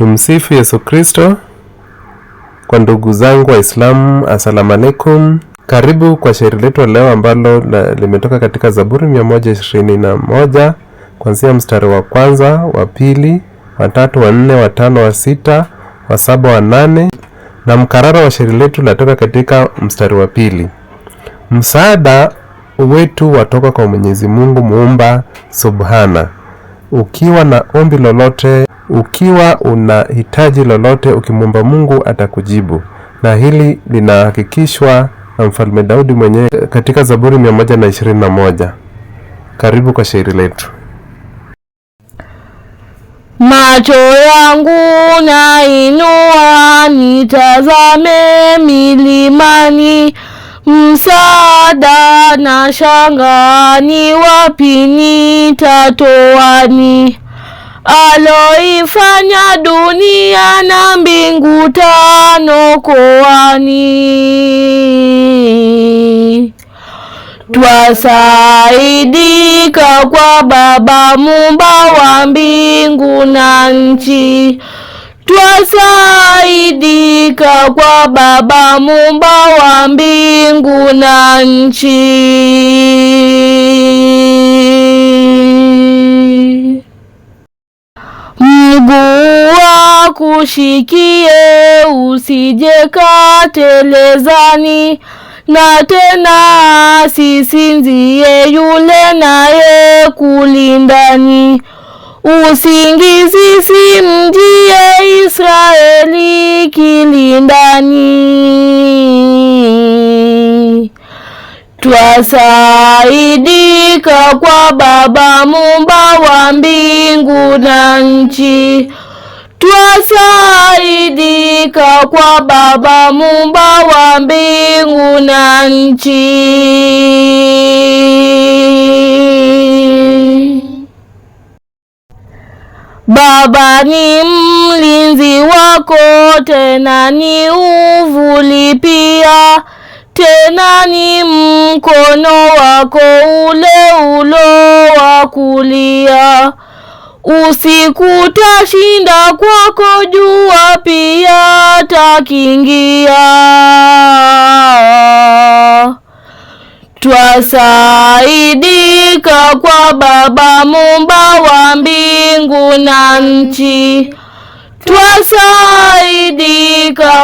Tumsifu Yesu Kristo. Kwa ndugu zangu Waislamu, asalamu alaikum. Karibu kwa shairi letu leo ambalo limetoka katika Zaburi 121 moja kuanzia mstari wa kwanza, wa pili, wa tatu, wa nne, wa tano, wa sita, wa saba, wa nane na mkarara wa shairi letu latoka katika mstari wa pili. Msaada wetu watoka kwa Mwenyezi Mungu muumba subhana ukiwa na ombi lolote, ukiwa una hitaji lolote, ukimwomba Mungu atakujibu, na hili linahakikishwa na Mfalme Daudi mwenyewe katika Zaburi 121. Karibu kwa shairi letu. Macho yangu nainua nitazame milimani msaada na shanga ni wapi nitatoani? Aloifanya dunia na mbingu tano koani. Twasaidika kwa Baba Mumba wa mbingu na nchi Twasaidika kwa Baba mumba wa mbingu na nchi. Mguu kushikie usije katelezani, na tena asisinzie yule naye kulindani. Usingizi si mji kilindani, twasaidika kwa Baba mumba wa mbingu na nchi, twasaidika kwa Baba mumba wa mbingu na nchi. Baba ni mlinzi wa yako tena ni uvuli pia, tena ni mkono wako ule ulo wa kulia. Usikutashinda kwako jua pia takingia Twasaidika kwa Baba mumba wa mbingu na nchi. twasaidika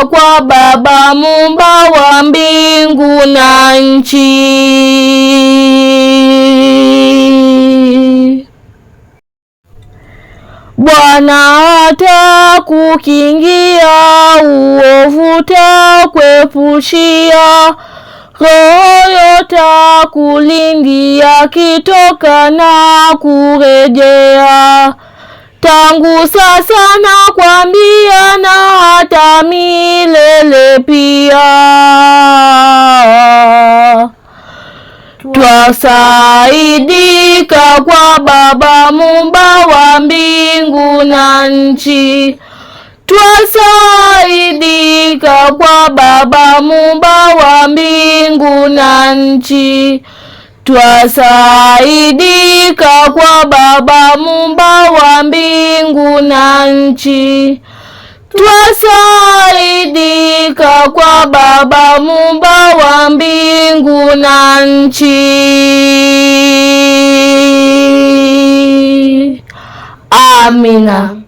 kwa Baba Muumba wa mbingu na nchi. Bwana atakukingia uovu, takuepushia roho yota kulindia kitoka na kurejea. Tangu sasa nakwambia na hata mimi milele pia. Twasaidika kwa Baba mumba wa mbingu na nchi. Twasaidika kwa Baba mumba wa mbingu na nchi. Twasaidika kwa Baba mumba wa mbingu na nchi. Twasaidika kwa Baba mumba wa mbingu na nchi. Amina.